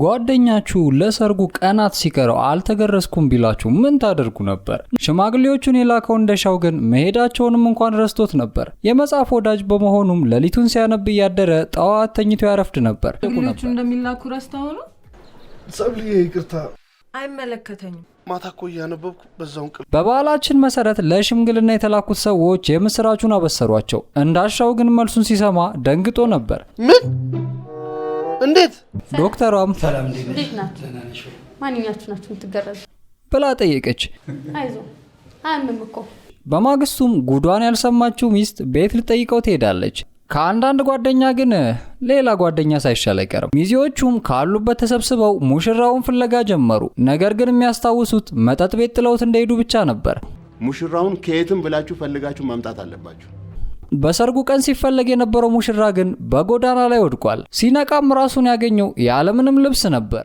ጓደኛችሁ ለሰርጉ ቀናት ሲቀረው አልተገረዝኩም ቢላችሁ ምን ታደርጉ ነበር? ሽማግሌዎቹን የላከው እንደሻው ግን መሄዳቸውንም እንኳን ረስቶት ነበር። የመጽሐፍ ወዳጅ በመሆኑም ሌሊቱን ሲያነብ እያደረ ጠዋት ተኝቶ ያረፍድ ነበር። እንደሚላኩ ረስተው ነው። ይቅርታ፣ አይመለከተኝም ማታ እኮ እያነበብኩ በዛው እንቅልፍ። በባህላችን መሰረት ለሽምግልና የተላኩት ሰዎች የምስራቹን አበሰሯቸው። እንዳሻው ግን መልሱን ሲሰማ ደንግጦ ነበር። ምን እንዴት ዶክተሯም ሰላም እንዴት ናችሁ ማንኛችሁ ናችሁ የምትገረዙ ብላ ጠየቀች። አይዞ አያምም እኮ። በማግስቱም ጉዷን ያልሰማችው ሚስት ቤት ልጠይቀው ትሄዳለች። ከአንዳንድ ጓደኛ ግን ሌላ ጓደኛ ሳይሻል አይቀርም። ሚዜዎቹም ካሉበት ተሰብስበው ሙሽራውን ፍለጋ ጀመሩ። ነገር ግን የሚያስታውሱት መጠጥ ቤት ጥለውት እንደሄዱ ብቻ ነበር። ሙሽራውን ከየትም ብላችሁ ፈልጋችሁ ማምጣት አለባችሁ። በሰርጉ ቀን ሲፈለግ የነበረው ሙሽራ ግን በጎዳና ላይ ወድቋል። ሲነቃም ራሱን ያገኘው የዓለምንም ልብስ ነበር።